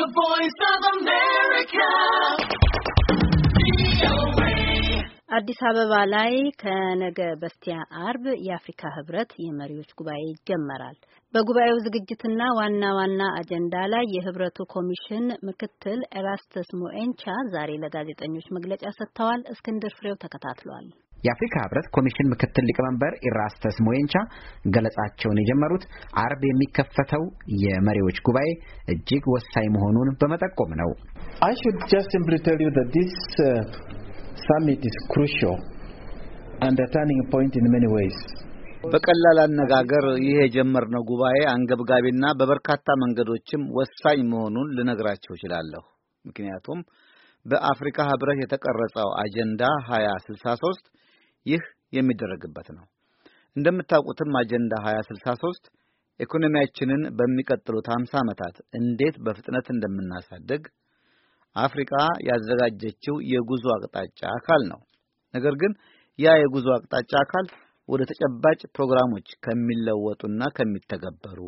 The Voice of America. አዲስ አበባ ላይ ከነገ በስቲያ አርብ የአፍሪካ ህብረት የመሪዎች ጉባኤ ይጀመራል። በጉባኤው ዝግጅትና ዋና ዋና አጀንዳ ላይ የህብረቱ ኮሚሽን ምክትል ኤራስተስ ሞኤንቻ ዛሬ ለጋዜጠኞች መግለጫ ሰጥተዋል። እስክንድር ፍሬው ተከታትሏል። የአፍሪካ ህብረት ኮሚሽን ምክትል ሊቀመንበር ኢራስተስ ሞየንቻ ገለጻቸውን የጀመሩት አርብ የሚከፈተው የመሪዎች ጉባኤ እጅግ ወሳኝ መሆኑን በመጠቆም ነው። በቀላል አነጋገር ይህ የጀመርነው ጉባኤ አንገብጋቢና በበርካታ መንገዶችም ወሳኝ መሆኑን ልነግራቸው እችላለሁ። ምክንያቱም በአፍሪካ ህብረት የተቀረጸው አጀንዳ 2063 ይህ የሚደረግበት ነው። እንደምታውቁትም አጀንዳ 2063 ኢኮኖሚያችንን በሚቀጥሉት 50 ዓመታት እንዴት በፍጥነት እንደምናሳድግ አፍሪካ ያዘጋጀችው የጉዞ አቅጣጫ አካል ነው። ነገር ግን ያ የጉዞ አቅጣጫ አካል ወደ ተጨባጭ ፕሮግራሞች ከሚለወጡና ከሚተገበሩ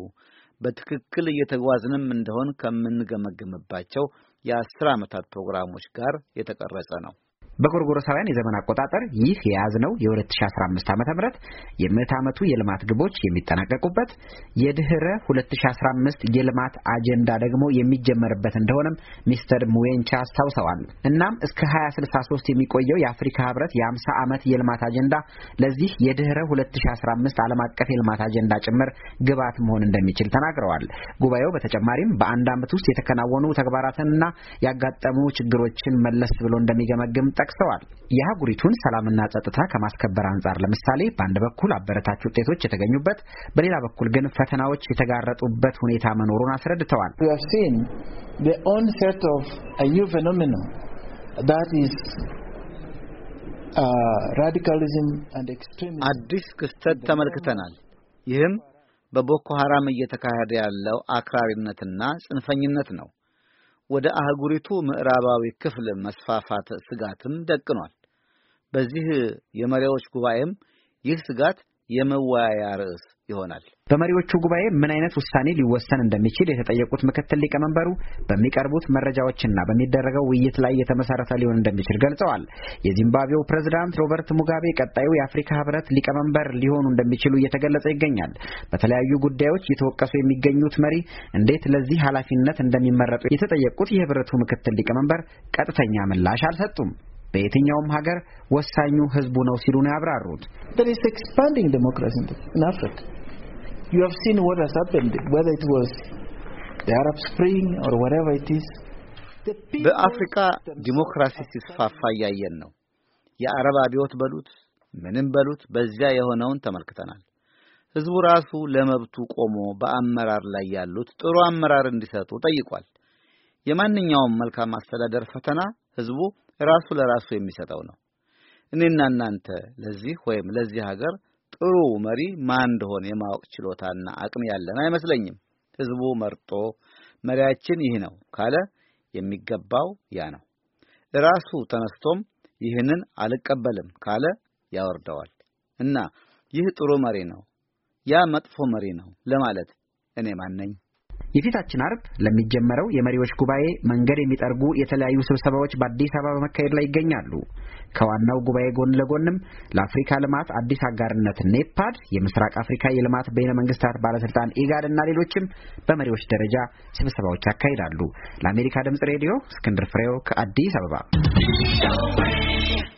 በትክክል እየተጓዝንም እንደሆን ከምንገመገምባቸው የአስር ዓመታት ፕሮግራሞች ጋር የተቀረጸ ነው። በጎርጎሮሳውያን የዘመን አቆጣጠር ይህ የያዝነው የ2015 ዓ ም የምዕት ዓመቱ የልማት ግቦች የሚጠናቀቁበት የድኅረ 2015 የልማት አጀንዳ ደግሞ የሚጀመርበት እንደሆነም ሚስተር ሙዌንቻ አስታውሰዋል። እናም እስከ 2063 የሚቆየው የአፍሪካ ህብረት የ50 ዓመት የልማት አጀንዳ ለዚህ የድኅረ 2015 ዓለም አቀፍ የልማት አጀንዳ ጭምር ግብዓት መሆን እንደሚችል ተናግረዋል። ጉባኤው በተጨማሪም በአንድ ዓመት ውስጥ የተከናወኑ ተግባራትንና ያጋጠሙ ችግሮችን መለስ ብሎ እንደሚገመግም ጠቅሰዋል። የአህጉሪቱን ሰላምና ጸጥታ ከማስከበር አንጻር ለምሳሌ በአንድ በኩል አበረታች ውጤቶች የተገኙበት፣ በሌላ በኩል ግን ፈተናዎች የተጋረጡበት ሁኔታ መኖሩን አስረድተዋል። uh, አዲስ ክስተት ተመልክተናል። ይህም በቦኮ ሐራም እየተካሄደ ያለው አክራሪነትና ጽንፈኝነት ነው። ወደ አህጉሪቱ ምዕራባዊ ክፍል መስፋፋት ስጋትም ደቅኗል። በዚህ የመሪዎች ጉባኤም ይህ ስጋት የመወያያ ርዕስ ይሆናል። በመሪዎቹ ጉባኤ ምን አይነት ውሳኔ ሊወሰን እንደሚችል የተጠየቁት ምክትል ሊቀመንበሩ በሚቀርቡት መረጃዎችና በሚደረገው ውይይት ላይ የተመሰረተ ሊሆን እንደሚችል ገልጸዋል። የዚምባብዌው ፕሬዝዳንት ሮበርት ሙጋቤ ቀጣዩ የአፍሪካ ህብረት ሊቀመንበር ሊሆኑ እንደሚችሉ እየተገለጸ ይገኛል። በተለያዩ ጉዳዮች እየተወቀሱ የሚገኙት መሪ እንዴት ለዚህ ኃላፊነት እንደሚመረጡ የተጠየቁት የህብረቱ ምክትል ሊቀመንበር ቀጥተኛ ምላሽ አልሰጡም። በየትኛውም ሀገር ወሳኙ ህዝቡ ነው ሲሉ ነው ያብራሩት። You have seen what has happened, whether it was the Arab Spring or whatever it is. በአፍሪካ ዲሞክራሲ ሲስፋፋ እያየን ነው። የአረብ አብዮት በሉት ምንም በሉት በዚያ የሆነውን ተመልክተናል። ህዝቡ ራሱ ለመብቱ ቆሞ በአመራር ላይ ያሉት ጥሩ አመራር እንዲሰጡ ጠይቋል። የማንኛውም መልካም አስተዳደር ፈተና ህዝቡ ራሱ ለራሱ የሚሰጠው ነው። እኔና እናንተ ለዚህ ወይም ለዚህ ሀገር ጥሩ መሪ ማን እንደሆነ የማወቅ ችሎታና አቅም ያለን አይመስለኝም። ህዝቡ መርጦ መሪያችን ይህ ነው ካለ የሚገባው ያ ነው። ራሱ ተነስቶም ይህንን አልቀበልም ካለ ያወርደዋል። እና ይህ ጥሩ መሪ ነው፣ ያ መጥፎ መሪ ነው ለማለት እኔ ማን ነኝ? የፊታችን አርብ ለሚጀመረው የመሪዎች ጉባኤ መንገድ የሚጠርጉ የተለያዩ ስብሰባዎች በአዲስ አበባ በመካሄድ ላይ ይገኛሉ። ከዋናው ጉባኤ ጎን ለጎንም ለአፍሪካ ልማት አዲስ አጋርነት ኔፓድ፣ የምስራቅ አፍሪካ የልማት በይነ መንግስታት ባለስልጣን ኢጋድ እና ሌሎችም በመሪዎች ደረጃ ስብሰባዎች ያካሂዳሉ። ለአሜሪካ ድምጽ ሬዲዮ እስክንድር ፍሬው ከአዲስ አበባ